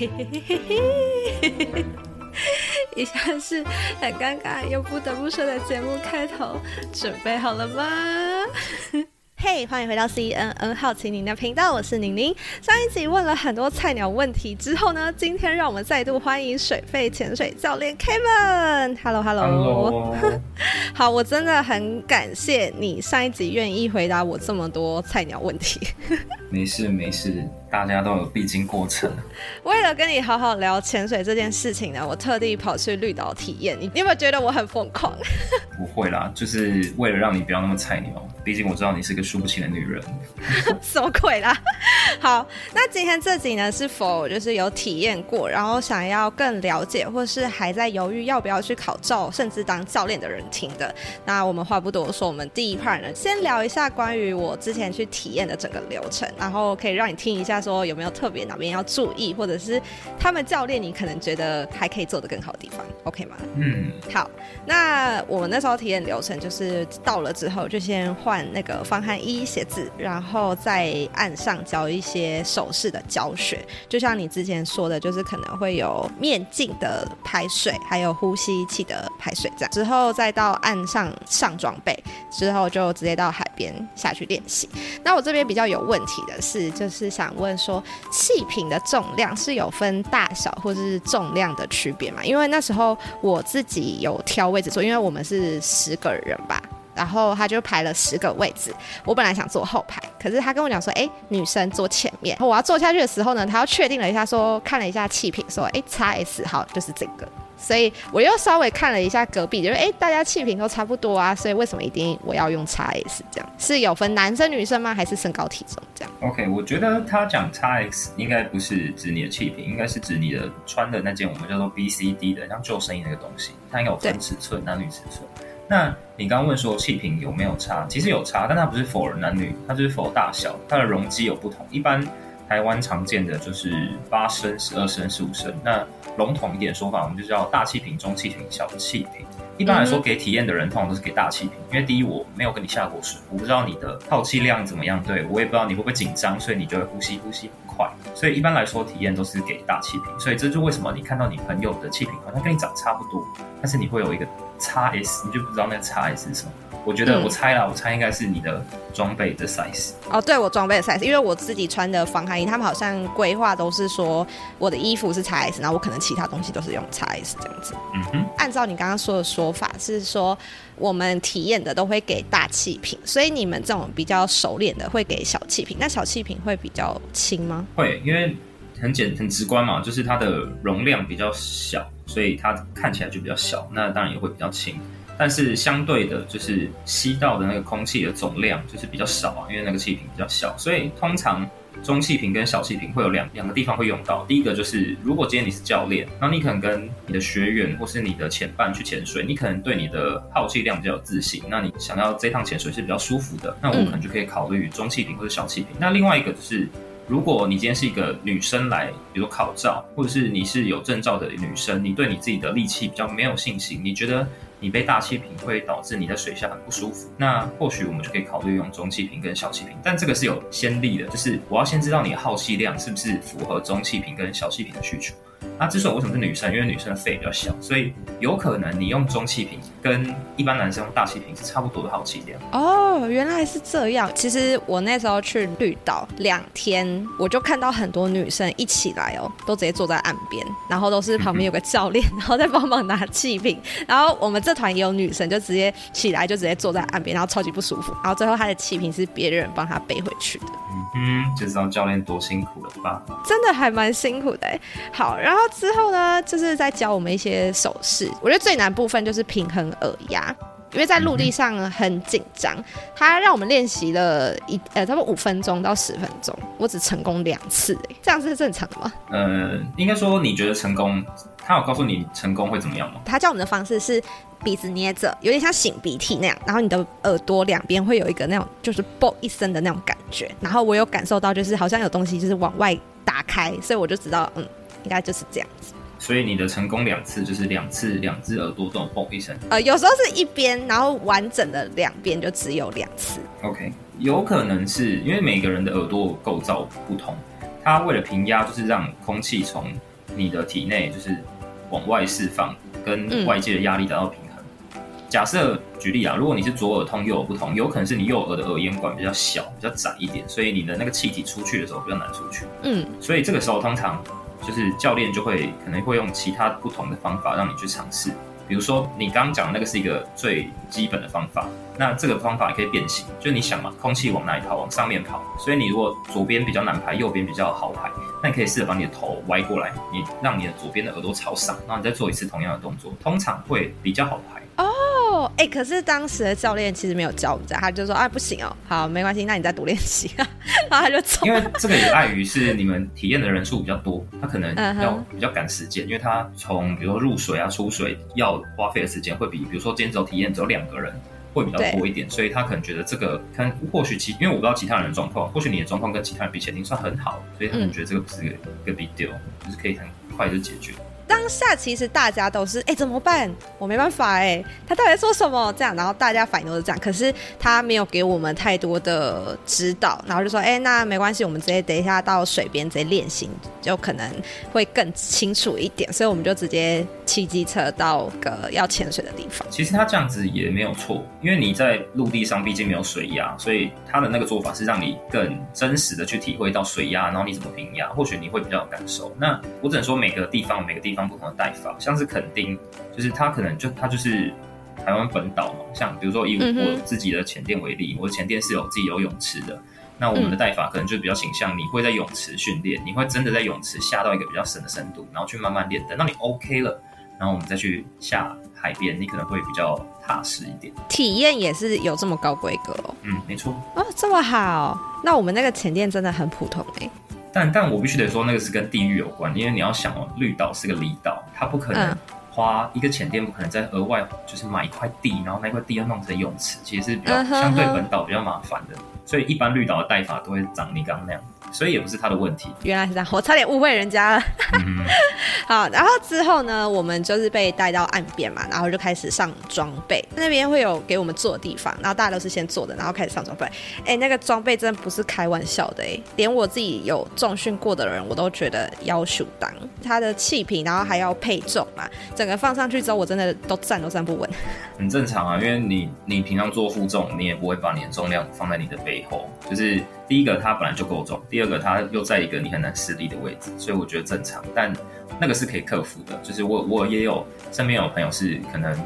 以下是很尷尬又不得不說的節目開頭，準備好了嗎？嘿、 Hey, 歡迎回到 CNN 好奇您的頻道，我是寧寧。上一集問了很多菜鳥問題之後呢，今天讓我們再度歡迎水肺潛水教練 Kevin。Hello, Hello. Hello. 好，我真的很感謝你上一集願意回答我這麼多菜鳥問題。 沒事，沒事。大家都有必經過程。為了跟你好好聊潛水這件事情呢，我特地跑去綠島體驗。你有沒有覺得我很瘋狂？ 不會啦，就是為了讓你不要那麼菜鳥。畢竟我知道你是個輸不起的女人。 什麼鬼啦？好，那今天這集呢，是否就是有體驗過，然後想要更了解，或是還在猶豫要不要去考照，甚至當教練的人聽的？那我們話不多說，我們第一 part 呢，先聊一下關於我之前去體驗的整個流程，然後可以讓你聽一下。說有沒有特別哪邊要注意，或者是他們教練，你可能覺得還可以做得更好的地方，OK 嗎？嗯，好。那我們那時候體驗流程就是到了之後就先換那個防寒衣、鞋子，然後在岸上教一些手勢的教學，就像你之前說的，就是可能會有面鏡的排水，還有呼吸器的排水這樣。之後再到岸上上裝備，之後就直接到海邊下去練習。那我這邊比較有問題的是，就是想問。說氣瓶的重量是有分大小或者是重量的區別嘛？因為那時候我自己有挑位置坐，因為我們是十個人吧，然後他就排了十個位置。我本來想坐後排，可是他跟我講說：“哎、欸，女生坐前面。”然後我要坐下去的時候呢，他要確定了一下說，說看了一下氣瓶，說：“哎、欸、，XS 號就是這個。”所以我又稍微看了一下隔壁，就是，哎、欸，大家氣瓶都差不多啊，所以為什麼一定我要用 XS 這樣？是有分男生女生嗎？還是身高體重這樣？OK，我覺得他講 XS 應該不是指你的氣瓶，應該是指你的穿的那件我們叫做 BCD 的，像救生衣那個東西，它應該有分尺寸，對男女尺寸。那你剛剛問說氣瓶有沒有差？其實有差，但它不是 for 男女，它就是 for 大小，它的容積有不同。一般。台灣常見的就是八升、十二升、十五升。那籠統一點的說法，我們就叫大氣瓶、中氣瓶、小氣瓶、欸。一般來說，給體驗的人通常都是給大氣瓶，因為第一我沒有跟你下過水，我不知道你的耗氣量怎麼樣，對，對我也不知道你會不會緊張，所以你就會呼吸、呼吸很快。所以一般來說，體驗都是給大氣瓶。所以這就是為什麼你看到你朋友的氣瓶好像跟你長差不多，但是你會有一個。叉 S, S，你就不知道那個叉 S 是什麼？我覺得我猜了，嗯、我猜應該是你的裝備的 size。哦，對，我裝備的 size，因為我自己穿的防寒衣，他們好像規劃都是說我的衣服是叉 S，然後我可能其他東西都是用叉 S 這樣子。嗯哼，按照你剛剛說的說法，是說我們體驗的都會給大氣瓶，所以你們這種比較熟練的會給小氣瓶，那小氣瓶會比較輕嗎？會，因為很簡很直觀嘛，就是它的容量比較小。所以它看起來就比較小，那當然也會比較輕，但是相對的，就是吸到的那個空氣的總量就是比較少，啊，因為那個氣瓶比較小。所以通常中氣瓶跟小氣瓶會有兩兩個地方會用到。第一個就是，如果今天你是教練，那你可能跟你的學員或是你的潛伴去潛水，你可能對你的耗氣量比較有自信，那你想要這趟潛水是比較舒服的，那我可能就可以考慮中氣瓶或者小氣瓶。那另外一個就是。如果你今天是一個女生來，比如考照，或者是你是有證照的女生，你對你自己的力氣比較沒有信心，你覺得你背大氣瓶會導致你的水下很不舒服，那或許我們就可以考慮用中氣瓶跟小氣瓶，但這個是有先例的，就是我要先知道你的耗氣量是不是符合中氣瓶跟小氣瓶的需求。那、啊、之所以為什麼是女生，因為女生的肺比較小，所以有可能你用中氣瓶跟一般男生用大氣瓶是差不多的耗氣量。哦，原來是這樣。其實我那時候去綠島兩天，我就看到很多女生一起來哦，都直接坐在岸邊，然後都是旁邊有個教練，嗯、哼然後再幫忙拿氣瓶。然後我們這團也有女生，就直接起來就直接坐在岸邊，然後超級不舒服。然後最後她的氣瓶是別人幫她背回去的。嗯哼，就知道教練多辛苦了吧？真的還蠻辛苦的欸。好，然後。然後之後呢，就是在教我們一些手勢。我覺得最難的部分就是平衡耳壓，因為在陸地上很緊張。他、嗯、哼讓我們練習了一呃，差不多五分鐘到十分鐘，我只成功兩次、欸，哎，這樣是，是正常的嗎？嗯、呃，應該說你覺得成功，他有告訴你成功會怎麼樣嗎？他教我們的方式是鼻子捏着，有點像擤鼻涕那樣，然後你的耳朵兩邊會有一個那種就是爆一聲的那種感覺。然後我有感受到，就是好像有東西就是往外打開，所以我就知道，嗯。應該就是這樣子，所以你的成功兩次就是兩次兩隻耳朵都嘣一聲？呃，有時候是一邊，然後完整的兩邊就只有兩次。OK，有可能是因為每個人的耳朵構造不同，它為了平壓，就是讓空氣從你的體內就是往外釋放，跟外界的壓力達到平衡。嗯、假設舉例啊，如果你是左耳通，右耳不通，有可能是你右耳的耳咽管比較小，比較窄一點，所以你的那個氣體出去的時候比較難出去。嗯，所以這個時候通常。就是教練就會可能會用其他不同的方法讓你去嘗試，比如說你剛剛講的那個是一個最基本的方法，那這個方法也可以變形。就你想嘛，空氣往哪裡跑？往上面跑。所以你如果左邊比較難排，右邊比較好排，那你可以試着把你的頭歪過來，你讓你的左邊的耳朵朝上，然後你再做一次同樣的動作，通常會比較好排。Oh. 哎、哦欸，可是當時的教練其實沒有教我們在，他就說：哎、啊，不行哦，好，沒關係，那你再多練習、啊。然後他就走。因為這個也礙於是你們體驗的人數比較多，他可能要比較趕時間，嗯、哼因為他從比如說入水啊出水要花費的時間會比比如說今天只有體驗只有兩個人會比較多一點，對所以他可能覺得這個，看，或許其因為我不知道其他人的狀況，或許你的狀況跟其他人比起來你算很好，所以他可能覺得這個不是一個比較、嗯、就是可以很快就解決。當下其實大家都是哎、欸、怎麼辦？我沒辦法哎、欸，他到底在說什麼這樣？然後大家反應都是這樣，可是他沒有給我們太多的指導，然後就說哎、欸、那沒關係，我們直接等一下到水邊直接練習，就可能會更清楚一點。所以我們就直接騎機車到個要潛水的地方。其實他這樣子也沒有錯，因為你在陸地上畢竟沒有水壓，所以他的那個做法是讓你更真實的去體會到水壓，然後你怎麼平壓，或許你會比較有感受。那我只能說每個地方每個地方。不同的帶法，像是墾丁，就是他可能就他就是台灣本島嘛。像比如說以我自己的潛店為例，嗯、哼我的潛店是有自己游泳池的。那我們的帶法可能就比較傾向，你會在泳池訓練，嗯、你會真的在泳池下到一個比較深的深度，然後去慢慢練。等到你 OK 了，然後我們再去下海邊，你可能會比較踏實一點。體驗也是有這麼高規格哦。嗯，沒錯。哦，這麼好！那我們那個潛店真的很普通誒、欸。但但我必須得說，那個是跟地域有關，因為你要想哦，綠島是個離島，它不可能花一個潛店，不可能再額外就是買一塊地，然後那塊地要弄成泳池，其實是比較相對本島比較麻煩的，所以一般綠島的帶法都會長你剛剛那樣子。所以也不是他的問題。原來是這樣，我差點誤會人家了。嗯、 好，然後之後呢，我們就是被帶到岸邊嘛，然後就開始上裝備。那邊會有給我們坐的地方，然後大家都是先坐的，然後開始上裝備。哎、欸，那個裝備真的不是開玩笑的哎、欸，連我自己有重訓過的人，我都覺得要胸當。它的氣瓶，然後還要配重嘛，嗯、整個放上去之後，我真的都站都站不穩。很正常啊，因為你你平常做負重，你也不會把你的重量放在你的背後，就是第一個它本來就夠重。第二個，他又在一個你很難施力的位置，所以我覺得正常，但那個是可以克服的。就是我，我也有身邊有朋友是可能。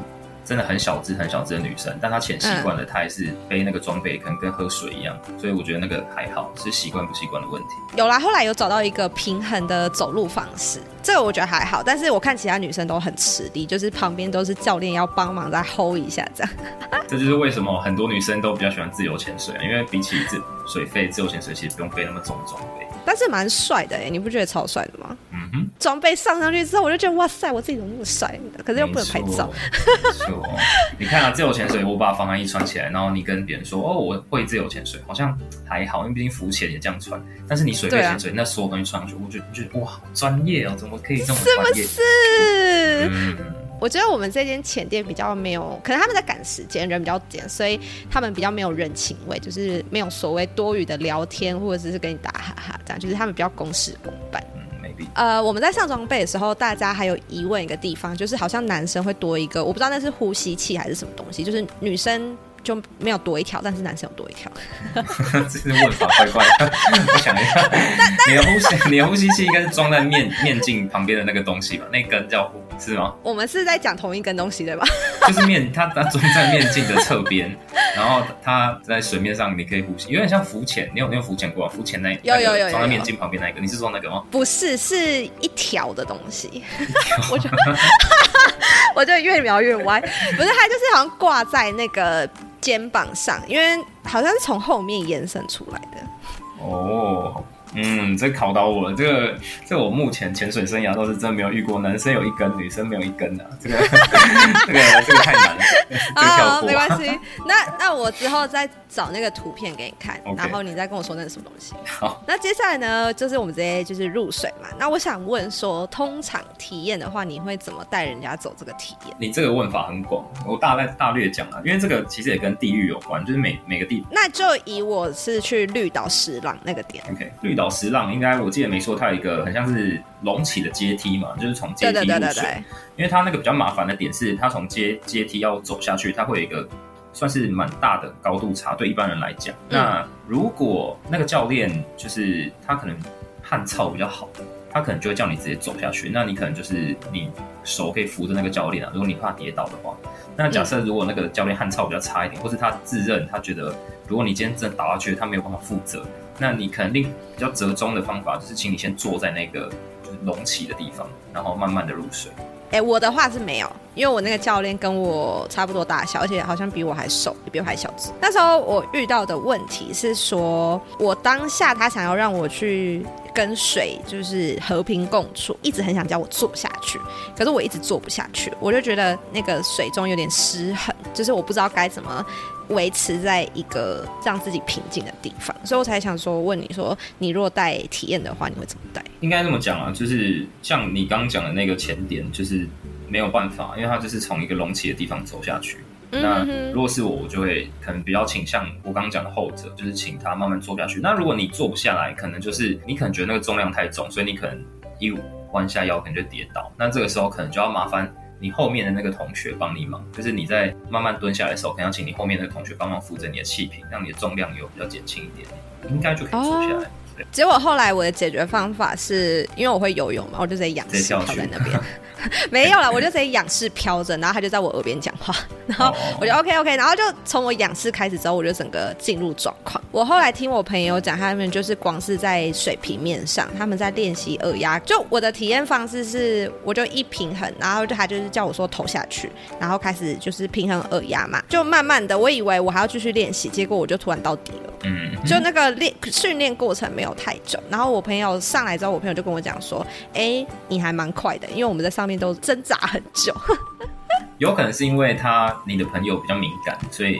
真的很小隻很小隻的女生，但她潛習慣了，她、嗯、還是背那個裝備，可能跟喝水一樣，所以我覺得那個還好，是習慣不習慣的問題。有啦，後來有找到一個平衡的走路方式，這個我覺得還好。但是我看其他女生都很吃力，就是旁邊都是教練要幫忙再 hold 一下這樣。 這就是為什麼很多女生都比較喜歡自由潛水，啊，因為比起水肺，自由潛水其實不用背那麼重的裝備。但是蠻帥的哎，你不覺得超帥的嗎？嗯哼。裝備上上去之後，我就覺得哇塞，我自己怎麼那麼帥？可是又不能拍照。錯 你看啊，自由潛水，我把防寒衣穿起來，然後你跟別人說，哦，我會自由潛水，好像還好，因為畢竟浮潛也這樣穿。但是你水肺潛水，對那所有東西穿上去，我覺得我覺得哇，好專業哦，怎麼可以這麼專業？是不是？嗯、我覺得我們這間潛店比較沒有，可能他們在趕時間，人比較緊，所以他們比較沒有人情味，就是沒有所謂多餘的聊天，或者是跟你打哈哈這樣，就是他們比較公事公辦。嗯呃，我們在上裝備的時候，大家還有疑問一個地方，就是好像男生會多一個，我不知道那是呼吸器還是什麼東西，就是女生。就沒有多一條，但是男生有多一條。這是問法怪怪的，我想一下。 那你的呼吸、 你的呼吸器應該是裝在面面鏡旁邊的那個東西吧？那根、個、叫呼是嗎？我們是在講同一根東西對吧？ 就是面，它它裝在面鏡的側邊， 然後它在水面上你可以呼吸，有點像浮潛。你有、沒有浮潛過浮潛那個、有，有，有，有，有、有、有裝在面鏡旁邊那一個？你是裝那個嗎？不是，是一條的東西。 我覺得，我覺得越描越歪。 不是，它就是好像掛在那個。肩膀上，因為好像是從後面延伸出來的。哦，嗯，這考倒我了，這個這我目前潛水生涯都是真沒有遇過，男生有一根，女生沒有一根的，啊，這個這個這個太難了，啊 好，沒關係， 那那我之後再。 找那個圖片給你看，Okay. 然後你再跟我說那是什麼東西。好，那接下來呢，就是我們直接就是入水嘛。那我想問說，通常體驗的話，你會怎麼帶人家走這個體驗？你這個問法很廣，我大概大,大略講啊，因為這個其實也跟地域有關，就是每每個地。那就以我是去綠島石浪那個點。OK，綠島石浪應該我記得沒錯，它有一個很像是隆起的階梯嘛，就是從階梯入水。對對,對,對,對對。因為它那個比較麻煩的點是，它從階階梯要走下去，它會有一個。算是蠻大的高度差，對一般人來講。嗯、那如果那個教練就是他可能漢草比較好，他可能就會叫你直接走下去。那你可能就是你手可以扶着那個教練啊，如果你怕跌倒的話。那假設如果那個教練漢草比較差一點，嗯、或是他自認他覺得如果你今天真的打下去，他沒有辦法負責，那你肯定比較折中的方法就是請你先坐在那個隆起的地方，然後慢慢的入水。哎、欸，我的話是沒有，因為我那個教練跟我差不多大小，而且好像比我還瘦，也比我還小只。那時候我遇到的問題是說，我當下他想要讓我去跟水就是和平共處，一直很想叫我坐下去，可是我一直坐不下去，我就覺得那個水中有點失衡，就是我不知道該怎麼。維持在一個讓自己平靜的地方，所以我才想說問你說，你若帶體驗的話，你會怎麼帶？應該這麼講啊，就是像你剛講的那個前點，就是沒有辦法，因為它就是從一個隆起的地方走下去。嗯、哼那如果是我，我就會可能比較傾向我剛剛講的後者，就是請他慢慢坐下去。那如果你坐不下來，可能就是你可能覺得那個重量太重，所以你可能一彎下腰可能就跌倒。那這個時候可能就要麻煩。你後面的那個同學幫你忙，就是你在慢慢蹲下來的時候，可能要請你後面的同學幫忙扶着你的氣瓶，讓你的重量又比較減輕一點，應該就可以坐下來。Oh. 結果後來我的解決方法是，因為我會游泳嘛，我就在仰式漂在那邊， 沒有了，我就在仰式漂着，然後他就在我耳邊講話，然後我就 OK OK，然後就從我仰式開始之後，我就整個進入狀況。我後來聽我朋友講，他們就是光是在水平面上，他們在練習耳壓。就我的體驗方式是，我就一平衡，然後就他就是叫我說頭下去，然後開始就是平衡耳壓嘛，就慢慢的我以為我還要繼續練習，結果我就突然到底了。嗯， 就那個練訓練過程沒有太久，然後我朋友上來之後，我朋友就跟我講說，哎、欸，你還蠻快的，因為我們在上面都掙扎很久。 有可能是因為他你的朋友比較敏感，所以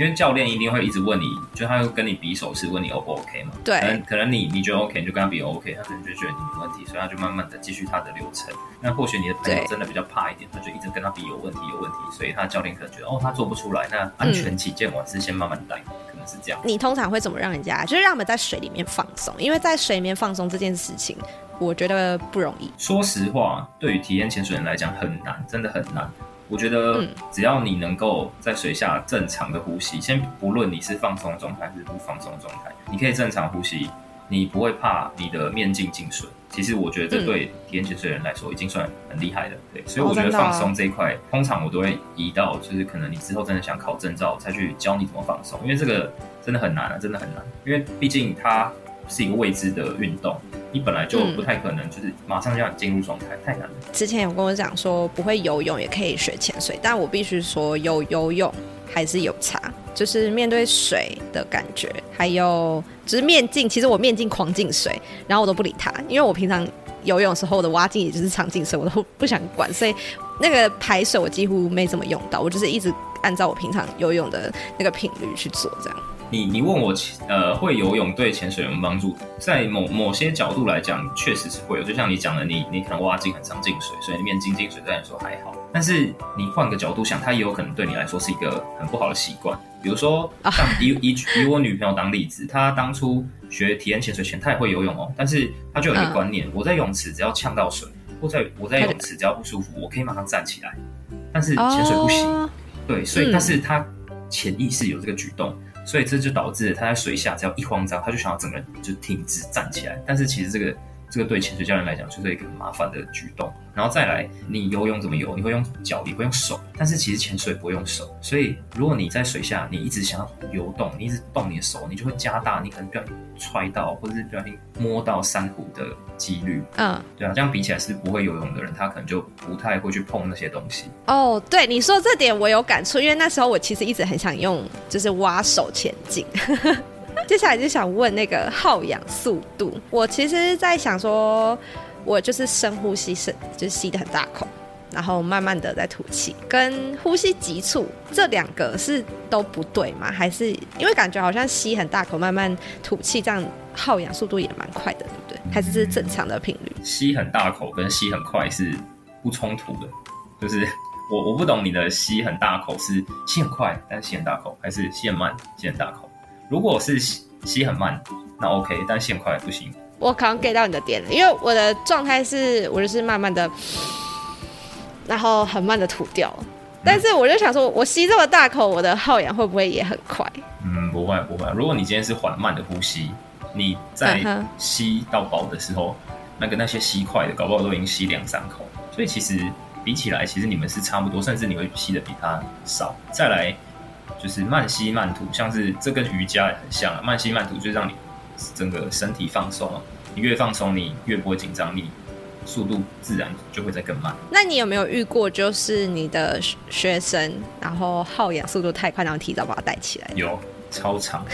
因為教練一定會一直問你，就他又跟你比手勢，問你 O 不 OK 嘛。對，可能你你覺得 OK，你就跟他比 OK，他可能就覺得你沒問題，所以他就慢慢的繼續他的流程。那或許你的朋友真的比較怕一點，對他就一直跟他比有問題，有問題，所以他教練可能覺得哦，他做不出來，那安全起見，我還是先慢慢帶。嗯是這樣，你通常會怎麼讓人家？就是讓我們在水裡面放鬆，因為在水裡面放鬆這件事情，我覺得不容易。說實話，對於體驗潛水人來講很難，真的很難。我覺得，只要你能夠在水下正常的呼吸，嗯、先不論你是放鬆的狀態還是不放鬆的狀態，你可以正常呼吸，你不會怕你的面鏡進水。其實我覺得這對體驗潛水的人來說已經算很厲害的，嗯、對，所以我覺得放鬆這一塊，哦啊、通常我都會移到就是可能你之後真的想考證照，再去教你怎麼放鬆，因為這個真的很難，真的很難，因為畢竟它是一個未知的運動，你本來就不太可能就是馬上就要進入狀態，嗯、太難了。之前有跟我講說不會游泳也可以學潛水，但我必須說有游泳還是有差。就是面對水的感覺，還有就是面鏡，其實我面鏡狂進水，然後我都不理它，因為我平常游泳的時候我的蛙鏡也就是常進水，我都不想管，所以那個排水我幾乎沒怎麼用到，我就是一直按照我平常游泳的那個頻率去做這樣。你你問我，呃，會游泳對潛水有幫助？在某某些角度來講，確實是會有。就像你講的，你你可能蛙鏡很常進水，所以面鏡進水對你來說還好。但是你換個角度想，它也有可能對你來說是一個很不好的習慣。比如說，像以以以我女朋友當例子，她當初學體驗潛水前，她也會游泳哦、喔，但是她就有一個觀念：嗯、我在泳池只要嗆到水，或在我在泳池只要不舒服，我可以馬上站起來。但是潛水不行，哦、對，所以，嗯、但是她潛意識有這個舉動。所以這就導致了他在水下只要一慌張，他就想要整個人就挺直站起來。但是其實這個。這個對潛水教練來講就是一個很麻煩的舉動，然後再來你游泳怎麼游？你會用腳，你會用手，但是其實潛水不會用手。所以如果你在水下，你一直想要游動，你一直動你的手，你就會加大你可能不小心踹到或者不小心摸到珊瑚的幾率。嗯，對啊，這樣比起來是不會游泳的人，他可能就不太會去碰那些東西。哦，oh, 對，你說這點我有感觸，因為那時候我其實一直很想用就是挖手前進。 接下來就想問那個耗氧速度。我其實在想說，我就是深呼吸深，深就是吸的很大口，然後慢慢的在吐氣，跟呼吸急促這兩個是都不對嗎？還是因為感覺好像吸很大口，慢慢吐氣，這樣耗氧速度也蠻快的，對不對？還是是正常的頻率？嗯，吸很大口跟吸很快是不衝突的，就是我我不懂你的吸很大口是吸很快，但是吸很大口，還是吸很慢吸很大口？如果是吸吸很慢，那 OK，但吸很快也不行。我可能 get 到你的點了，因為我的狀態是我就是慢慢的，然後很慢的吐掉。但是我就想說，嗯、我吸這麼大口，我的耗氧會不會也很快？嗯，不會不會。如果你今天是緩慢的呼吸，你在吸到飽的時候，那、嗯、哼個那些吸快的，搞不好都已經吸兩三口。所以其實比起來，其實你們是差不多，甚至你會吸的比他少。再來。就是慢吸慢吐，像是這跟瑜伽也很像啊。慢吸慢吐就是讓你整個身體放鬆啊，你越放鬆，你越不會緊張，你速度自然就會再更慢。那你有沒有遇過，就是你的學生然後耗氧速度太快，然後提早把他帶起來？有，超長，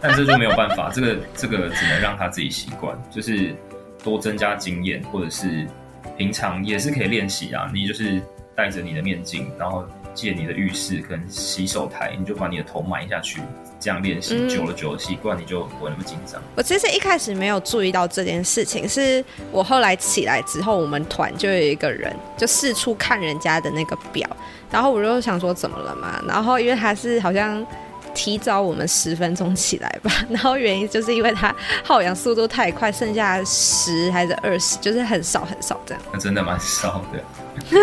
但這就沒有辦法， 這個這個只能讓他自己習慣，就是多增加經驗，或者是平常也是可以練習啊。你就是戴着你的面鏡，然後。借你的浴室跟洗手台，你就把你的頭埋下去，這樣練習、嗯、久了久了習慣，你就不會那麼緊張。我其實一開始沒有注意到這件事情，是我後來起來之後，我們團就有一個人就四處看人家的那個表，然後我就想說怎麼了嘛？然後因為他是好像提早我們十分鐘起來吧，然後原因就是因為他耗氧速度太快，剩下十還是二十，就是很少很少這樣。那真的蠻少的。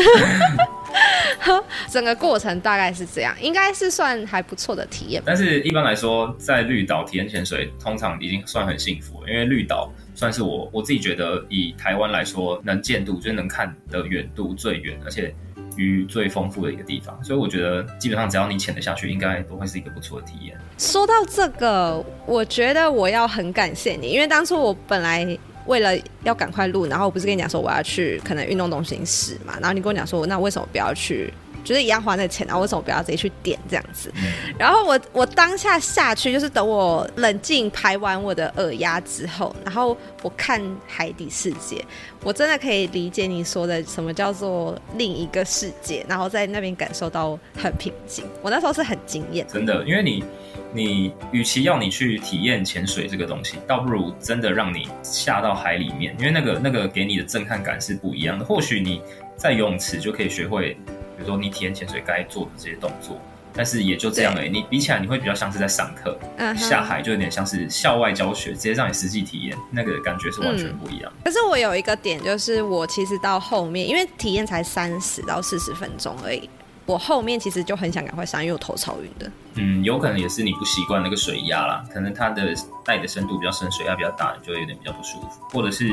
整個過程大概是這樣，應該是算還不錯的體驗。但是一般來說，在綠島體驗潛水，通常已經算很幸福了，因為綠島算是我我自己覺得以台灣來說，能見度就是能看的遠度最遠，而且魚最豐富的一個地方。所以我覺得基本上只要你潛得下去，應該都會是一個不錯的體驗。說到這個，我覺得我要很感謝你，因為當初我本來。為了要趕快錄，然後我不是跟你講說我要去可能運動中心室嘛，然後你跟我講說，那為什麼不要去？覺得一樣花那錢啊，為什麼不要直接去點這樣子？然後我我當下下去就是等我冷靜排完我的耳壓之後，然後我看海底世界，我真的可以理解你說的什麼叫做另一個世界，然後在那邊感受到很平靜。我那時候是很驚艷，真的，因為你你與其要你去體驗潛水這個東西，倒不如真的讓你下到海裡面，因為那個那個給你的震撼感是不一樣的。或許你在游泳池就可以學會。比如說你體驗潛水該做的這些動作，但是也就這樣而已。對你比起來你會比較像是在上課，嗯、哼下海就有點像是校外教學，直接讓你實際體驗，那個感覺是完全不一樣。嗯、可是我有一個點，就是我其實到後面，因為體驗才三十到四十分鐘而已。我後面其實就很想趕快上，因為我頭超暈的。嗯，有可能也是你不習慣那個水壓啦，可能它的帶的深度比較深，水壓比較大，你就會有點比較不舒服。或者是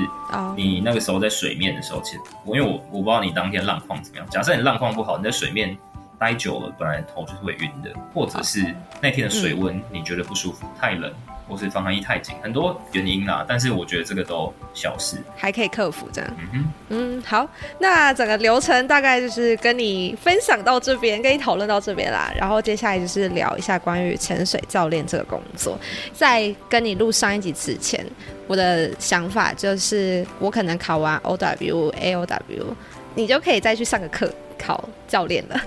你那個時候在水面的時候，其實，Oh. 因為我我不知道你當天浪況怎麼樣。假設你浪況不好，你在水面待久了，本來頭就是會暈的。或者是那天的水溫你覺得不舒服，Oh. 太冷。或是防寒衣太緊，很多原因啦。但是我覺得這個都小事，還可以克服這樣。嗯哼嗯，好，那整個流程大概就是跟你分享到這邊，跟你討論到這邊啦。然後接下來就是聊一下關於潛水教練這個工作。在跟你錄上一集之前，我的想法就是，我可能考完 OW、AOW，你就可以再去上個課考教練了。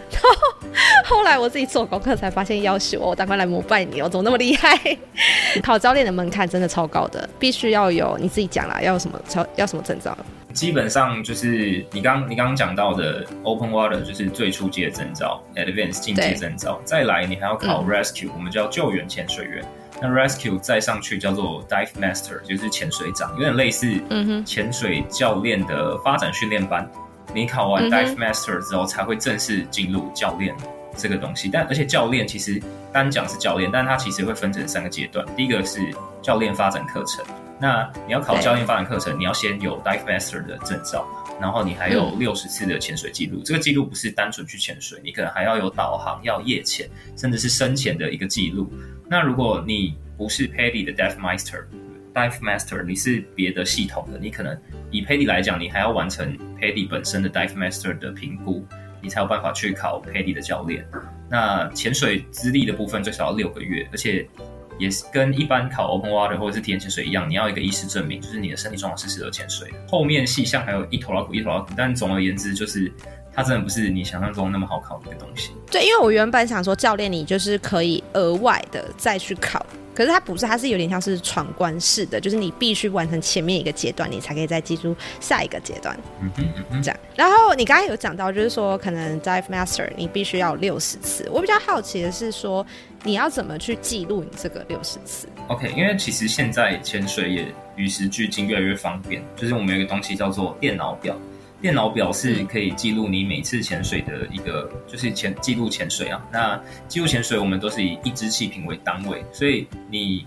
後來我自己做功課才發現，喔，要求我趕快來膜拜你哦，喔！怎麼那麼厲害？ 考教練的門檻真的超高的，必須要有你自己講啦。要有什麼？要什麼證照？基本上就是你剛你剛剛講到的 open water，就是最初級的證照；advance 進階證照。對再來，你還要考 rescue、嗯、我們叫救援潛水員。那 rescue 再上去叫做 dive master，就是潛水長，有點類似潛水教練的發展訓練班。嗯、哼你考完 dive master 之後，才會正式進入教練。這個東西，但而且教練其實單講是教練，但他其實會分成三個階段。第一個是教練發展課程，那你要考教練發展課程，對你要先有 dive master 的證照，然後你還有六十次的潛水記錄。嗯、這個記錄不是單純去潛水，你可能還要有導航、要夜潛，甚至是深潛的一個記錄。那如果你不是 PADI 的 dive master，dive master，你是別的系統的，你可能以 PADI 來講，你還要完成 PADI 本身的 dive master 的評估。你才有辦法去考 PADI 的教練。那潛水資歷的部分最少要六個月，而且也是跟一般考 Open Water 或者是體驗潛水一樣，你要一個醫師證明，就是你的身體狀況是適合潛水。後面細項還有一頭老虎一頭老虎，但總而言之，就是它真的不是你想象中那麼好考的一個東西。對，因為我原本想說，教練你就是可以額外的再去考。可是它不是，它是有點像是闖關式的，就是你必須完成前面一個階段，你才可以再記住下一個階段，嗯哼嗯哼這樣。然後你剛才有講到，就是說可能 Dive Master 你必須要六十次。我比較好奇的是說，你要怎麼去記錄你這個六十次？OK，因為其實現在潛水也與時俱進，越來越方便。就是我們有一個東西叫做電腦表。電腦表是可以記錄你每次潛水的一個，嗯、就是潛記錄潛水啊。那記錄潛水，我們都是以一支氣瓶為單位，所以你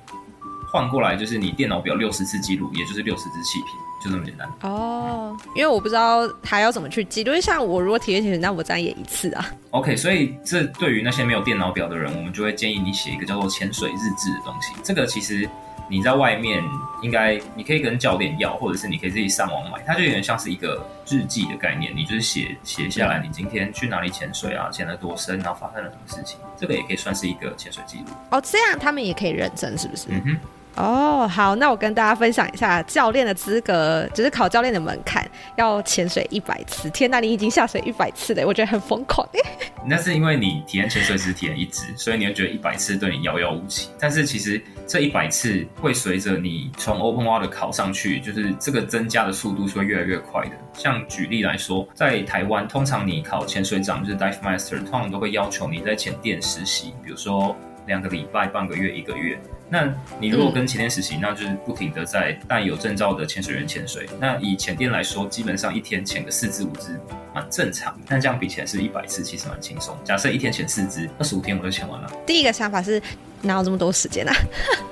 換過來就是你電腦表六十次記錄，也就是六十支氣瓶，就這麼簡單。哦，嗯、因為我不知道他要怎麼去記錄。像我如果體驗潛水，那我再演一次啊。OK，所以這對於那些沒有電腦表的人，我們就會建議你寫一個叫做潛水日志的東西。這個其實。你在外面應該，你可以跟教練要，或者是你可以自己上網買。它就有點像是一個日記的概念，你就是寫寫下來，你今天去哪裡潛水啊，潛得多深，然後發生了什麼事情，這個也可以算是一個潛水記錄。哦，這樣他們也可以認證，是不是？嗯哼。哦，oh, 好，那我跟大家分享一下教練的資格，就是考教練的門檻要潛水一百次。天哪，你已經下水一百次了，我覺得很瘋狂，欸。那是因為你體驗潛水只體驗一次， 所以你會覺得一百次對你遙遙無期。但是其實這一百次會隨着你從 Open Water 考上去，就是這個增加的速度是會越來越快的。像舉例來說，在台灣，通常你考潛水長就是 Dive Master，通常都會要求你在潛店實習，比如說兩個禮拜、半個月、一個月。那你如果跟潛店實習，嗯、那就是不停的在帶有證照的潛水員潛水。那以潛店來說，基本上一天潛個四至五支，蠻正常。但這樣比起來是一百次，其實蠻輕鬆。假設一天潛四支，二十五天我就潛完了。第一個想法是哪有這麼多時間啊？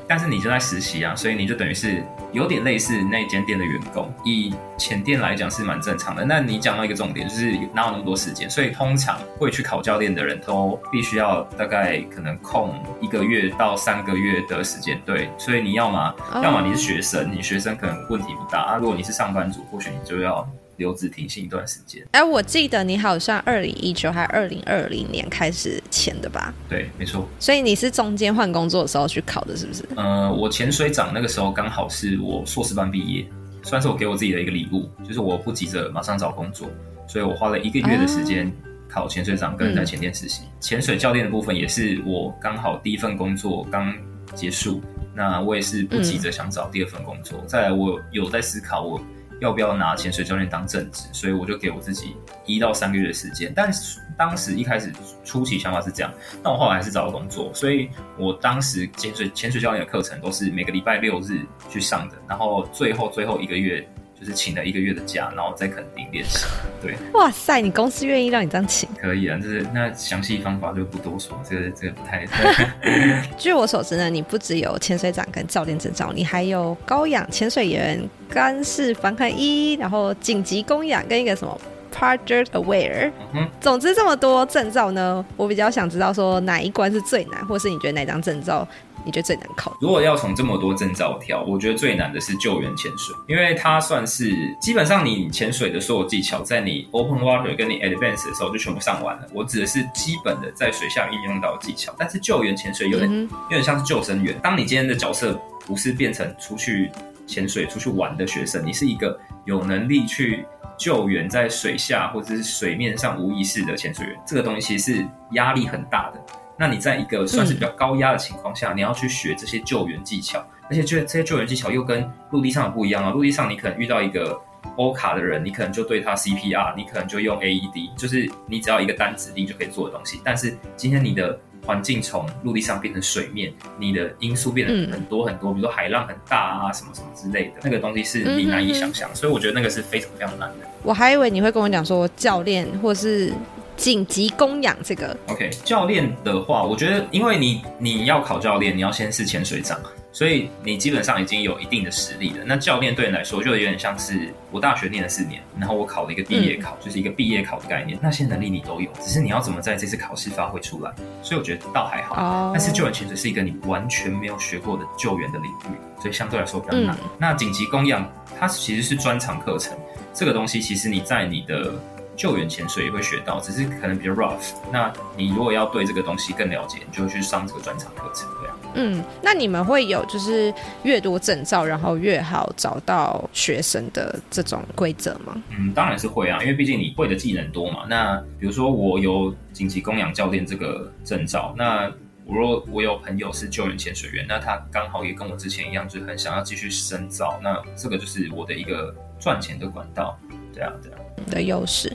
但是你正在實習啊，所以你就等於是有點類似那間店的員工。以潛店來講是蠻正常的。那你講到一個重點，就是哪有那麼多時間？所以通常會去考教練的人都必須要大概可能空一個月到三個月的。時間對，所以你要麼、oh. 要麼你是學生，你學生可能問題不大啊。如果你是上班族，或許你就要留職停薪一段時間。哎、欸，我記得你好像二零一九還二零二零年開始潛的吧？對，沒錯。所以你是中間換工作的時候去考的，是不是？呃，我潛水長那個時候剛好是我碩士班畢業，算是我給我自己的一個禮物，就是我不急着馬上找工作，所以我花了一個月的時間考潛水長，跟在潛水店實習。潛、oh. 嗯、水教練的部分也是我剛好第一份工作剛。結束，那我也是不急着想找第二份工作。嗯、再來，我有在思考我要不要拿潛水教練當正職，所以我就給我自己一到三個月的時間。但當時一開始初期想法是這樣，但我後來還是找了工作，所以我當時潛水潛水教練的課程都是每個禮拜六日去上的，然後最後最後一個月。就是請了一個月的假，然後在墾丁練習。對，哇塞，你公司願意讓你這樣請？可以啊，就是那詳細方法就不多說，這個這個不太對。 據我所知呢，你不只有潛水長跟教練證照，你還有高氧潛水員、乾式防寒衣，然後緊急供氧跟一個什麼 Project Aware。嗯哼，總之這麼多證照呢，我比較想知道說哪一關是最難，或是你覺得哪一張證照？你覺得最難考？如果要從這麼多證照挑，我覺得最難的是救援潛水，因為它算是基本上你潛水的所有技巧，在你 Open Water 跟你 Advance 的時候就全部上完了。我指的是基本的在水下運用到的技巧，但是救援潛水有點有點像是救生員。嗯、哼當你今天的角色不是變成出去潛水出去玩的學生，你是一個有能力去救援在水下或者是水面上無意識的潛水員，這個東西其實是壓力很大的。那你在一個算是比較高壓的情況下，嗯、你要去學這些救援技巧，而且這這些救援技巧又跟陸地上的不一樣啊。陸地上你可能遇到一個 O 卡的人，你可能就對他 CPR，你可能就用 AED，就是你只要一個單指令就可以做的東西。但是今天你的環境從陸地上變成水面，你的因素變得很多很多，嗯、比如說海浪很大啊，什麼什麼之類的，那個東西是你難以想象嗯嗯嗯，所以我覺得那個是非常非常難難的。我還以為你會跟我講說教練，或是。緊急供氧這個，OK，教練的話，我覺得因為你你要考教練，你要先是潛水長，所以你基本上已經有一定的實力了。那教練對你來說，就有點像是我大學念了四年，然後我考了一個畢業考，嗯、就是一個畢業考的概念。那些能力你都有，只是你要怎麼在這次考試發揮出來。所以我覺得倒還好。哦、但是救援潛水是一個你完全沒有學過的救援的領域，所以相對來說比較難。嗯、那緊急供氧它其實是專長課程，這個東西其實你在你的。救援潛水也會學到，只是可能比較 rough。那你如果要對這個東西更了解，你就去上這個專長課程這樣。啊、嗯，那你們會有就是越多證照，然後越好找到學生的這種規則嗎？嗯，當然是會啊，因為畢竟你會的技能多嘛。那比如說我有緊急供氧教練這個證照，那我若我有朋友是救援潛水員，那他剛好也跟我之前一樣，就是很想要繼續深造，那這個就是我的一個賺錢的管道。這樣，這樣你的優勢。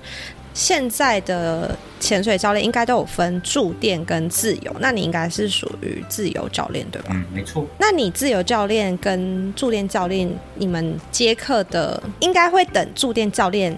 現在的潛水教練應該都有分駐店跟自由，那你應該是屬於自由教練對吧？嗯，沒錯。那你自由教練跟駐店教練，你們接課的應該會等駐店教練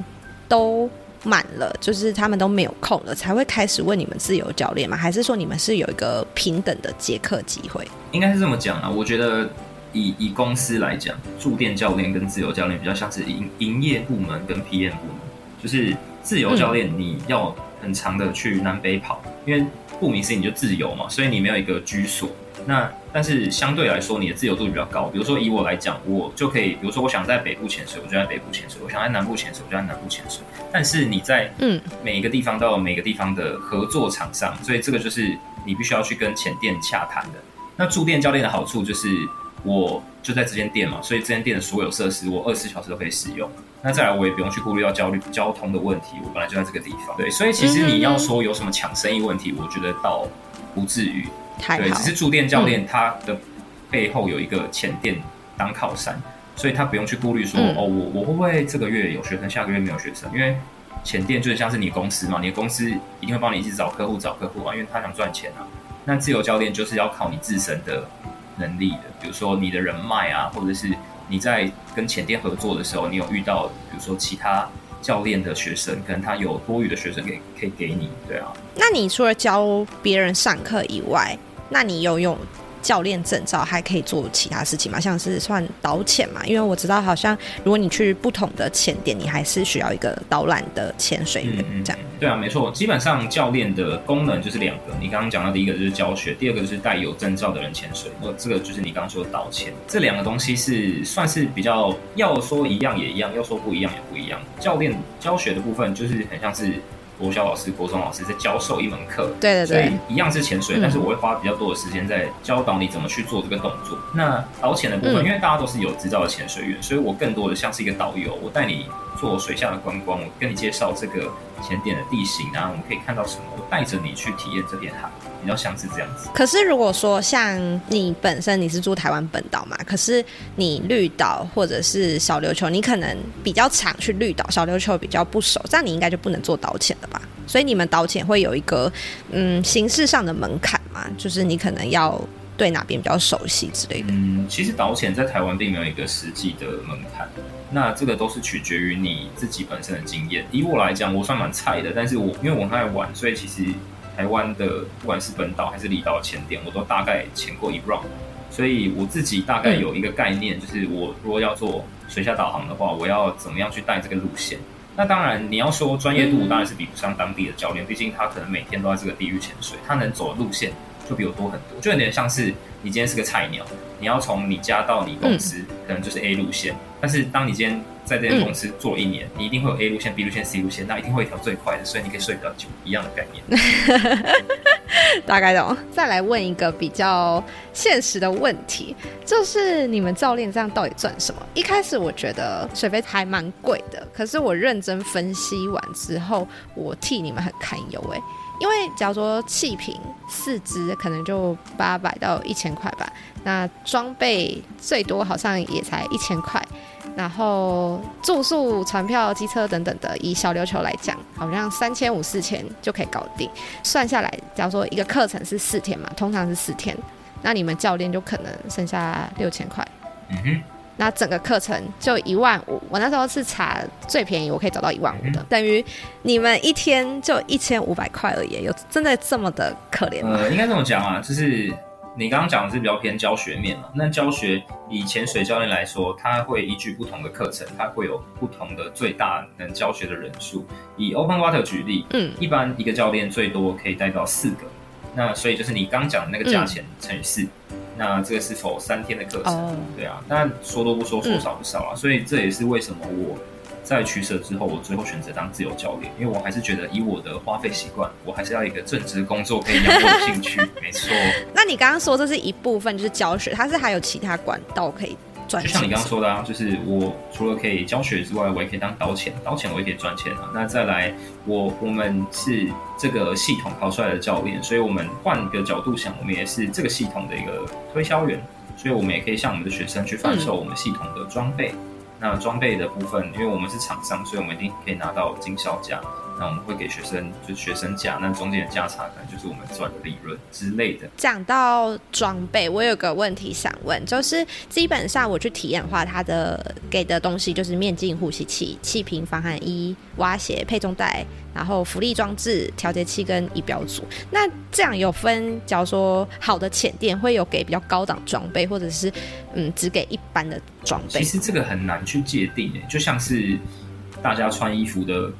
都滿了，就是他們都沒有空了，才會開始問你們自由教練嗎？還是說你們是有一個平等的接課機會？應該是這麼講啊，我覺得。以以公司來講，駐店教練跟自由教練比較像是營營業部門跟 PM 部門。就是自由教練，你要很長的去南北跑，嗯、因為顧名思義你就自由嘛，所以你沒有一個居所。那但是相對來說，你的自由度比較高。比如說以我來講，我就可以，比如說我想在北部潛水，我就在北部潛水；我想在南部潛水，我就在南部潛水。但是你在嗯每一個地方到每個地方的合作廠商，所以這個就是你必須要去跟潛店洽談的。那駐店教練的好處就是。我就在這間店嘛，所以這間店的所有設施我二十四小時都可以使用。那再來，我也不用去顧慮到焦慮交通的問題，我本來就在這個地方。對，所以其實你要說有什麼搶生意問題，我覺得倒不至於。太好。對，只是駐店教練他的背後有一個潛店當靠山，嗯、所以他不用去顧慮說、嗯、哦，我我會不會這個月有學生，下個月沒有學生？因為潛店就是像是你公司嘛，你的公司一定會幫你一直找客戶找客戶啊，因為他想賺錢啊。那自由教練就是要靠你自身的。能力的，比如說你的人脈啊，或者是你在跟前店合作的時候，你有遇到比如說其他教練的學生，可能他有多餘的學生給可以給你，對啊。那你除了教別人上課以外，那你有用教練證照還可以做其他事情嗎？像是算導潛嘛？因為我知道好像如果你去不同的潛點，你還是需要一個導覽的潛水這樣、嗯嗯。對啊，沒錯，基本上教練的功能就是兩個。你剛剛講到的第一個就是教學，第二個就是帶有證照的人潛水。我這個就是你剛剛說的導潛，這兩個東西是算是比較要說一樣也一樣，要說不一樣也不一樣。教練教學的部分就是很像是。國小老師、國中老師在教授一門課，對對對，所以一樣是潛水，但是我會花比較多的時間在教導你怎麼去做這個動作。嗯、那導潛的部分，因為大家都是有執照的潛水員，嗯、所以我更多的像是一個導遊，我帶你做水下的觀光，我跟你介紹這個。潛點的地形，啊，然後我們可以看到什麼，我帶着你去體驗這邊。哈，比較像是這樣子。可是如果說像你本身你是住台灣本島嘛，可是你綠島或者是小琉球，你可能比較常去綠島，小琉球比較不熟，這樣你應該就不能做島潛了吧？所以你們島潛會有一個嗯形式上的門檻嘛，就是你可能要。對哪邊比較熟悉之類的。嗯，其實導潛在台灣並沒有一個實際的門檻，那這個都是取決於你自己本身的經驗。以我來講，我算蠻菜的，但是我因為我愛玩，所以其實台灣的不管是本島還是離島的潛點，我都大概潛過一 round，所以我自己大概有一個概念，嗯、就是我如果要做水下導航的話，我要怎麼樣去帶這個路線。那當然，你要說專業度，當然是比不上當地的教練，畢竟他可能每天都在這個地域潛水，他能走的路線。就比我多很多，就有點像是你今天是個菜鳥，你要從你家到你公司，嗯、可能就是 A 路線。但是當你今天在這間公司做了一年，嗯、你一定會有 A 路線、B 路線、C 路線，那一定會一條最快的，所以你可以睡比較久，一樣的概念。 大概懂。再來問一個比較現實的問題，就是你們教練這樣到底賺什麼？一開始我覺得水費還蠻貴的，可是我認真分析完之後，我替你們很堪憂哎、欸。因為假如說氣瓶四支可能就八百到一千塊吧，那裝備最多好像也才一千塊，然後住宿、船票、機車等等的，以小琉球來講，好像三千五四千就可以搞定。算下來，假如說一個課程是四天嘛，通常是四天，那你們教練就可能剩下六千塊。嗯哼。那整個課程就一萬五，我那時候是查最便宜，我可以找到一萬五的，嗯、等於你們一天就一千五百塊而已，有真的這麼的可憐嗎？呃、應該這麼講啊，就是你剛剛講的是比較偏教學面嘛、啊。那教學以潛水教練來說，他會依據不同的課程，它會有不同的最大能教學的人數。以 Open Water 舉例，嗯，一般一個教練最多可以帶到四個。那所以就是你剛剛講的那個價錢乘以四。嗯那這個是否三天的課程？Oh. 對啊，但說多不說，說少不少啊。嗯、所以這也是為什麼我在取舍之後，我最後選擇當自由教練，因為我還是覺得以我的花費習慣，我還是要一個正職工作可以養活興趣。 沒錯錯。那你剛剛說這是一部分，就是教學，它是還有其他管道可以。就像你剛剛說的，啊，就是我除了可以教學之外，我也可以當導潛，導潛我也可以賺錢啊。那再來，我我們是這個系統考出來的教練，所以我們換個角度想，我們也是這個系統的一個推銷員，所以我們也可以向我們的學生去販售我們系統的裝備。嗯、那裝備的部分，因為我們是廠商，所以我們一定可以拿到經銷價。那我們會給學生，就是學生價。那中間的價差可能就是我們賺的利潤之類的。講到裝備，我有個問題想問，就是基本上我去體驗的話，它的給的東西就是面鏡、呼吸器、氣瓶、防寒衣、蛙鞋、配重帶，然後浮力裝置、調節器跟儀表組。那這樣有分，假如說好的潛店會有給比較高檔裝備，或者是嗯只給一般的裝備。其實這個很難去界定誒，就像是大家穿衣服的，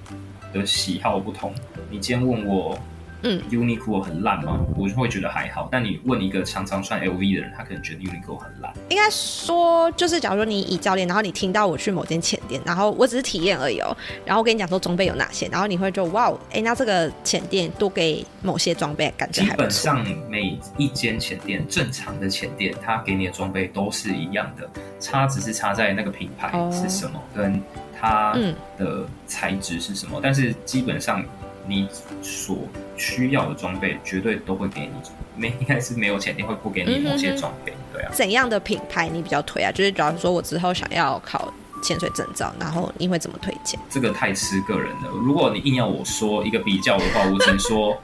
的喜好不同，你今天問我，嗯，Uniqlo 很爛嗎？我就會覺得還好。但你問一個常常穿 LV 的人，他可能覺得 Uniqlo 很爛。應該說，就是假如說你以教練，然後你聽到我去某間潛店，然後我只是體驗而已，哦，然後我跟你講說裝備有哪些，然後你會說哇，哎，那這個潛店都給某些裝備，感覺還不錯。基本上每一間潛店，正常的潛店，他給你的裝備都是一樣的，差只是差在那個品牌是什麼、嗯、是什麼跟。它的材質是什麼？嗯、但是基本上你所需要的裝備絕對都會給你，沒應該是沒有錢，你會不給你某些裝備，嗯、哼哼對啊。怎樣的品牌你比較推啊？就是假如說我之後想要考潛水證照，然後你會怎麼推薦？這個太吃個人了。如果你硬要我說一個比較的話， 我只能說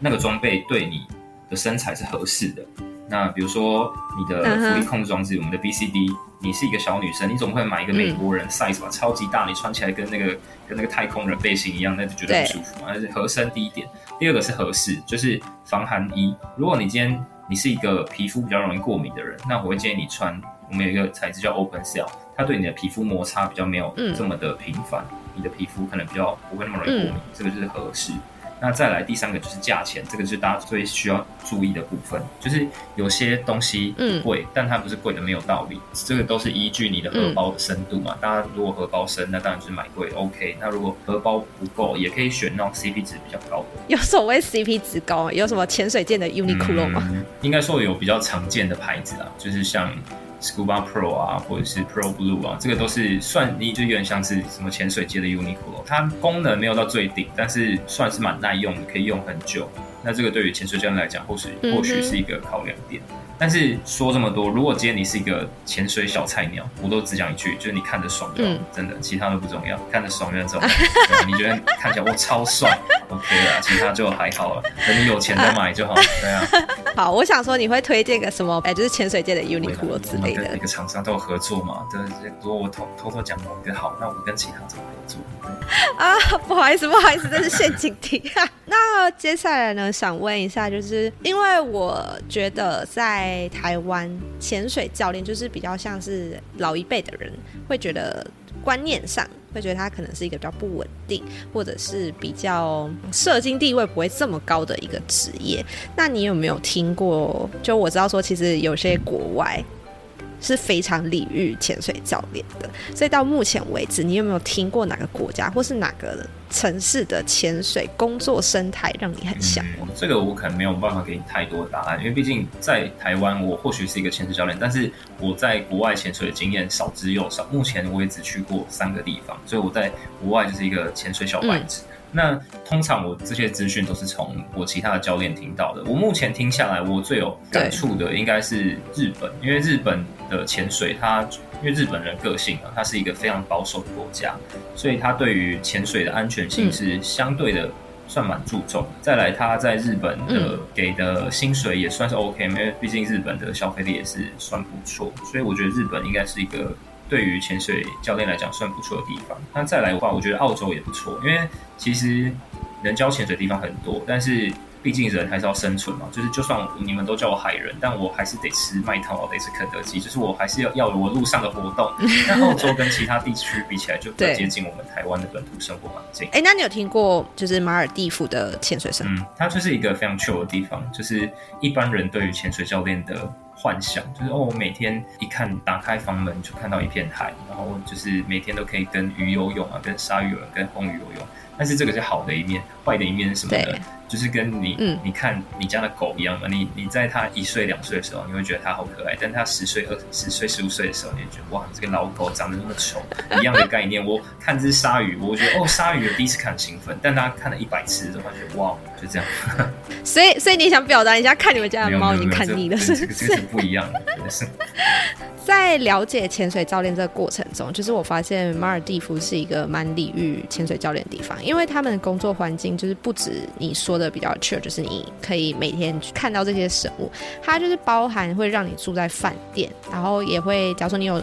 那個裝備對你的身材是合適的。那比如說你的浮力控制裝置，嗯、哼我們的 BCD，你是一個小女生，你怎麼會買一個美國人 size 吧，嗯、超級大，你穿起來跟那個跟那個太空人背心一樣，那就絕對不舒服嘛。對是合身第一點，第二個是合適，就是防寒衣。如果你今天你是一個皮膚比較容易過敏的人，那我會建議你穿我們有一個材質叫 Open Cell，它對你的皮膚摩擦比較沒有這麼的頻繁，嗯、你的皮膚可能比較不會那麼容易過敏，嗯、這個就是合適。那再來第三個就是價錢，這個是大家最需要注意的部分，就是有些東西貴，嗯、但它不是貴的沒有道理，這個都是依據你的荷包的深度嘛。嗯、大家如果荷包深，那當然就是買貴 OK。那如果荷包不夠，也可以選那種 CP 值比較高的。有所謂 CP 值高，有什麼潛水艦的 Uniqlo 嗎？嗯、應該說有比較常見的牌子啊，就是像。Scuba Pro 啊，或者是 Pro Blue 啊，這個都是算你就有點像是什麼潛水界的 Uniqlo，它功能沒有到最頂，但是算是蠻耐用的，可以用很久。那這個對於潛水教練來講，或許或許是一個考量點。Mm hmm. 但是說這麼多，如果今天你是一個潛水小菜鳥，我都只講一句，就是你看着爽的，嗯、真的，其他都不重要。看着爽那種、啊就，你覺得看起來哇超帥 ，OK 啊，其他就還好了。等你有錢再買就好了，啊對啊。 好，我想說你會推薦個什麼？哎、欸，就是潛水界的 UNIQLO 之類的。每個廠商都有合作嘛，對。如果我偷偷講某個好，那我們跟其他怎啊， uh, 不好意思，不好意思，這是陷阱題。 那接下來呢，想問一下，就是因為我覺得在台灣，潛水教練就是比較像是老一輩的人會覺得，觀念上會覺得他可能是一個比較不穩定，或者是比較社經地位不會這麼高的一個職業。那你有沒有聽過？就我知道說，其實有些國外。是非常禮遇潛水教練的，所以到目前為止，你有沒有聽過哪個國家或是哪個城市的潛水工作生態讓你很想？嗯，這個我可能沒有辦法給你太多的答案，因為畢竟在台灣，我或許是一個潛水教練，但是我在國外潛水的經驗少之又少。目前我也只去過三個地方，所以我在國外就是一個潛水小白子。嗯那通常我這些資訊都是從我其他的教練聽到的。我目前聽下來，我最有感觸的應該是日本，對因為日本的潛水它，它因為日本人個性啊，它是一個非常保守的國家，所以它對於潛水的安全性是相對的算蠻注重的。嗯、再來，他在日本的給的薪水也算是 OK，、嗯、因為畢竟日本的消費力也是算不錯，所以我覺得日本應該是一個。對於潛水教練來講，算不錯的地方。那再來的話，我覺得澳洲也不錯，因為其實能教潛水的地方很多，但是畢竟人還是要生存嘛。就是就算你們都叫我海人，但我還是得吃麥當勞，得吃肯德基，就是我還是要要我路上的活動的。但澳洲跟其他地區比起來，就比較接近我們台灣的本土生活環境。哎 那你有聽過就是馬爾地夫的潛水生態？嗯，它就是一個非常 chill 的地方，就是一般人對於潛水教練的。幻想，就是哦，我每天一看打開房門，就看到一片海，然後就是每天都可以跟魚游泳啊，跟鯊魚游泳，跟魟魚游泳。但是這個是好的一面，壞的一面是什麼呢？就是跟你，你看你家的狗一樣、嗯、你你在它一歲、兩歲的時候，你會覺得它好可愛，但它十歲、二十歲、十五歲的時候，你會覺得哇，這個老狗長得那麼醜。 一樣的概念。我看這隻鯊魚，我覺得哦，鯊魚第一次看很興奮，但他看了一百次都感覺哇，就這樣。 所以，所以你想表達一下，看你們家的貓已經看膩了這，是、這個這個這個，是不一樣。在了解潛水教練這個過程中，就是我發現馬爾地夫是一個蠻利於潛水教練的地方，因為他們的工作環境就是不止你說。的比較 chill 就是你可以每天去看到這些生物，它就是包含會讓你住在飯店，然後也會假如說你有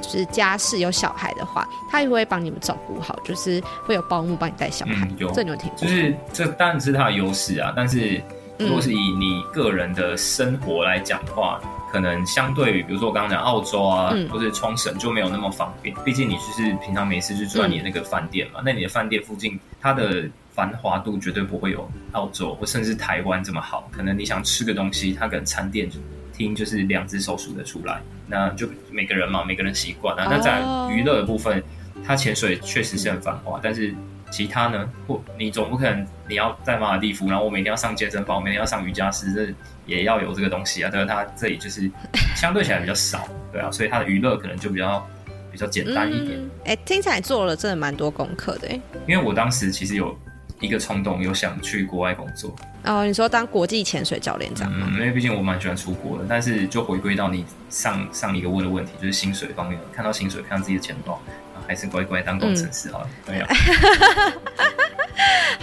就是家室有小孩的話，他也會幫你們照顧好，就是會有保姆幫你帶小孩。嗯、這你挺有就是這當然是它的優勢啊，但是如果是以你個人的生活來講的話，嗯、可能相對於比如說我剛剛講澳洲啊，嗯、或是沖繩就沒有那麼方便。畢竟你就是平常沒事就住在你那個飯店嘛，那、嗯、你的飯店附近它的。繁華度絕對不會有澳洲或甚至台灣這麼好，可能你想吃個東西，嗯、他可能餐店就聽就是兩隻手數得出來。那就每個人嘛，每個人習慣了。那、oh. 在娛樂的部分，他潛水確實是很繁華，嗯、但是其他呢？或你總不可能你要在馬爾地夫，然後我每天要上健身房，每天要上瑜伽室，這也要有這個東西啊？對吧？他這裡就是相對起來比較少， 對啊，所以他的娛樂可能就比較比較簡單一點。哎、嗯欸，聽起來做了真的蠻多功課的、欸。因為我當時其實有。一個衝動又想去國外工作哦，你說當國際潛水教練這樣嗯，因為畢竟我蠻喜歡出國的，但是就回歸到你上上一個問的問題，就是薪水方面，看到薪水，看到自己的錢包、啊，還是乖乖當工程師好了。嗯啊、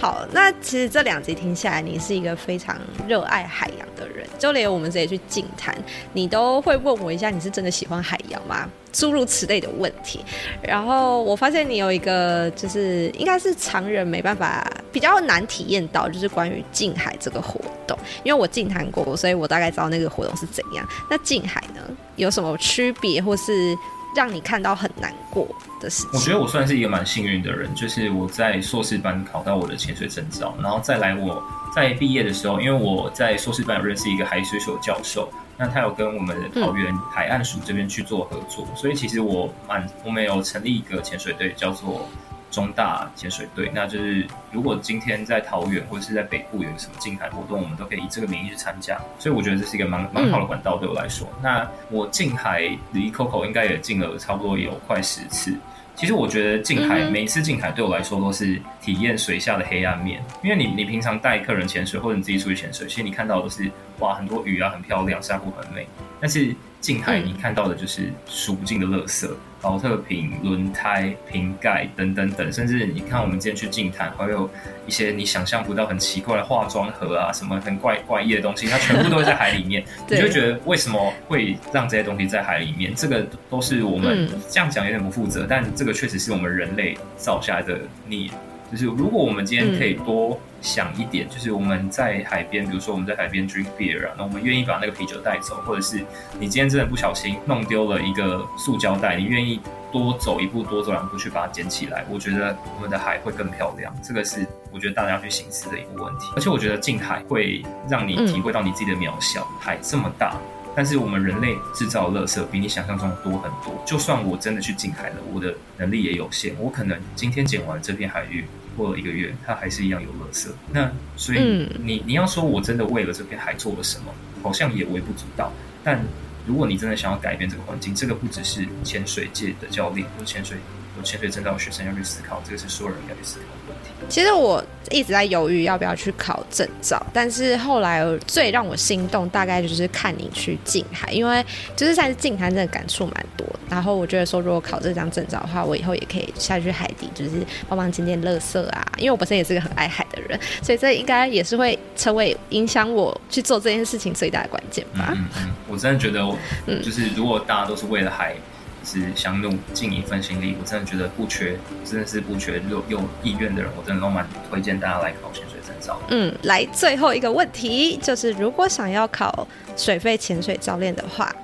好，那其實這兩集聽下來，你是一個非常熱愛海洋的人，就連我們直接去淨灘，你都會問我一下，你是真的喜歡海洋嗎？諸如此類的問題，然後我發現你有一個，就是應該是常人沒辦法比較難體驗到，就是關於淨海這個活動。因為我淨灘過，所以我大概知道那個活動是怎樣。那淨海呢，有什麼區別或是？讓你看到很難過的事情。我覺得我算是一個蠻幸運的人，就是我在碩士班考到我的潛水證照，然後再來我在畢業的時候，因為我在碩士班有認識一個海水手教授，那他有跟我們的桃園海岸署這邊去做合作，所以其實我蠻，我們有成立一個潛水隊，叫做。中大潛水隊，那就是如果今天在桃園或者是在北部有什麼淨海活動，我們都可以以這個名義去參加。所以我覺得這是一個蠻蠻好的管道對我來說。嗯、那我淨海離 Coco 應該也淨了差不多有快十次。其實我覺得淨海每一次淨海對我來說都是體驗水下的黑暗面，因為你你平常帶客人潛水或者你自己出去潛水，其實你看到都是哇，很多魚啊，很漂亮珊瑚很美，但是。近海你看到的就是數不盡的垃圾，寶、嗯、特瓶、輪胎、瓶蓋等等等，甚至你看我們今天去淨灘，還有一些你想象不到很奇怪的化妝盒啊，什麼很怪怪異的東西，它全部都在海裡面。 對你就會覺得為什麼會讓這些東西在海裡面？這個都是我們這樣講有點不負責，嗯、但這個確實是我們人類造下來的孽。就是如果我們今天可以多想一點，嗯、就是我們在海邊，比如說我們在海邊 drink beer 啊，那我們願意把那個啤酒帶走，或者是你今天真的不小心弄丟了一個塑膠袋，你願意多走一步、多走兩步去把它撿起來，我覺得我們的海會更漂亮。這個是我覺得大家要去省思的一個問題。而且我覺得淨海會讓你體會到你自己的渺小，嗯、海這麼大。但是我們人類製造垃圾比你想象中多很多。就算我真的去淨海了，我的能力也有限。我可能今天撿完這片海域，過了一個月，它還是一樣有垃圾。那所以你你要說我真的為了這片海做了什麼，好像也微不足道。但如果你真的想要改變這個環境，這個不只是潛水界的教練有潛水有潛水證照學生要去思考，這個是所有人應該去思考。其實我一直在猶豫要不要去考證照，但是後來最讓我心動大概就是看你去淨海，因為就是在淨海真的感觸蠻多。然後我覺得說，如果考這張證照的話，我以後也可以下去海底，就是幫忙撿點垃圾啊。因為我本身也是個很愛海的人，所以這應該也是會成為影響我去做這件事情最大的關鍵吧。嗯嗯。我真的覺得，嗯，就是如果大家都是為了海。嗯是想用盡一份心力，我真的覺得不缺，真的是不缺有意願的人，我真的蠻推薦大家來考潛水證照。嗯，來最後一個問題，就是如果想要考水肺潛水教練的話，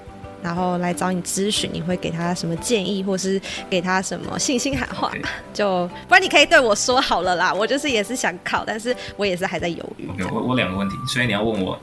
然後來找你諮詢，你會給他什麼建議，或是給他什麼信心喊話？嗯、就不然你可以對我說好了啦，我就是也是想考，但是我也是還在猶豫 Okay, 我。我我兩個問題，所以你要問我。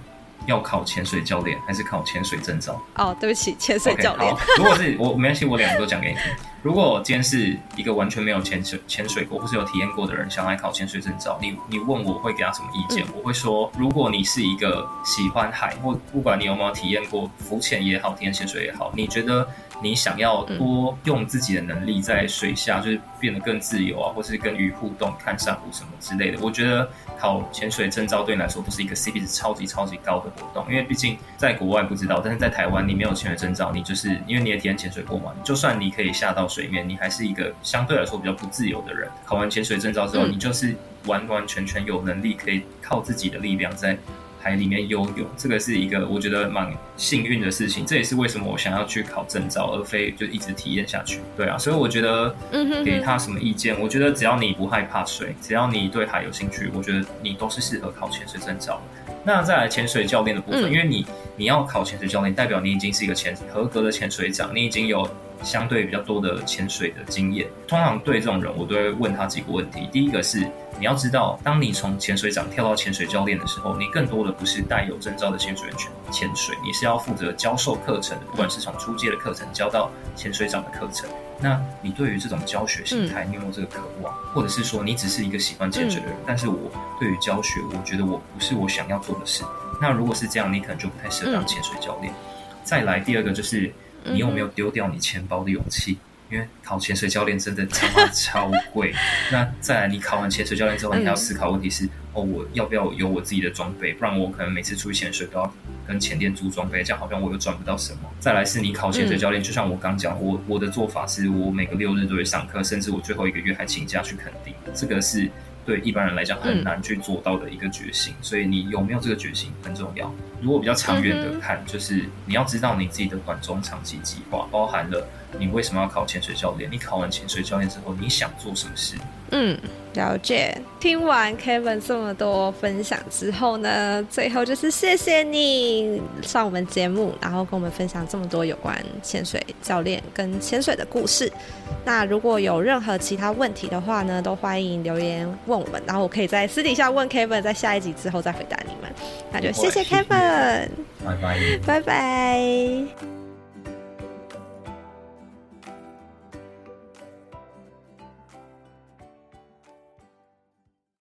要考潛水教練還是考潛水證照？哦，對不起，潛水教練。Okay，好，如果是我，沒關係，我兩個都講給你聽。如果今天是一個完全沒有潛水潛水過或是有體驗過的人，想來考潛水證照，你你問我會給他什麼意見？我會說，如果你是一個喜歡海或不管你有沒有體驗過浮潛也好，體驗潛水也好，你覺得你想要多用自己的能力在水下就是變得更自由啊，或是跟魚互動、看珊瑚什麼之類的，我覺得考潛水證照對你來說都是一個 CP 值超級超級高的活動，因為畢竟在國外不知道，但是在台灣你沒有潛水證照，你就是因為你也體驗潛水過嘛，就算你可以下到。水面，你還是一個相對來說比較不自由的人。考完潛水證照之後，你就是完完全全有能力可以靠自己的力量在海裡面游泳。這個是一個我覺得蠻幸運的事情，這也是為什麼我想要去考證照，而非就一直體驗下去。對啊，所以我覺得，給他什麼意見，我覺得只要你不害怕水，只要你對海有興趣，我覺得你都是適合考潛水證照。那再來潛水教練的部分，嗯、因為你你要考潛水教練，代表你已經是一個潛合格的潛水長，你已經有相對比較多的潛水的經驗。通常對這種人，我都會問他幾個問題。第一個是，你要知道，當你從潛水長跳到潛水教練的時候，你更多的不是帶有證照的潛水員去潛水，你是要負責教授課程的，不管是從初階的課程教到潛水長的課程。那你對於這種教學心態你有沒有這個渴望？或者是說你只是一個喜歡潛水的人？嗯、但是我對於教學，我覺得我不是我想要做的事。那如果是這樣，你可能就不太適合當潛水教練。嗯啊、再來，第二個就是你有沒有丟掉你錢包的勇氣？嗯、因為考潛水教練真的超超貴。 那再來，你考完潛水教練之後，你要思考問題是。嗯我要不要有我自己的裝備？不然我可能每次出去潛水都要跟潛店租裝備，這樣好像我又賺不到什麼。再來是你考潛水教練，嗯、就像我剛講，我我的做法是我每個六日都會上課，甚至我最後一個月還請假去墾丁。這個是對一般人來講很難去做到的一個決心，嗯、所以你有沒有這個決心很重要。如果比較長遠的看，嗯、就是你要知道你自己的短中長期計劃包含了。你為什麼要考潛水教練？你考完潛水教練之後，你想做什麼事？嗯，了解。聽完 Kevin 這麼多分享之後呢，最後就是謝謝你上我們節目，然後跟我們分享這麼多有關潛水教練跟潛水的故事。那如果有任何其他問題的話呢，都歡迎留言問我們，然後我可以在私底下問 Kevin，在下一集之後再回答你們。那就謝謝 Kevin。拜拜。拜拜。拜拜。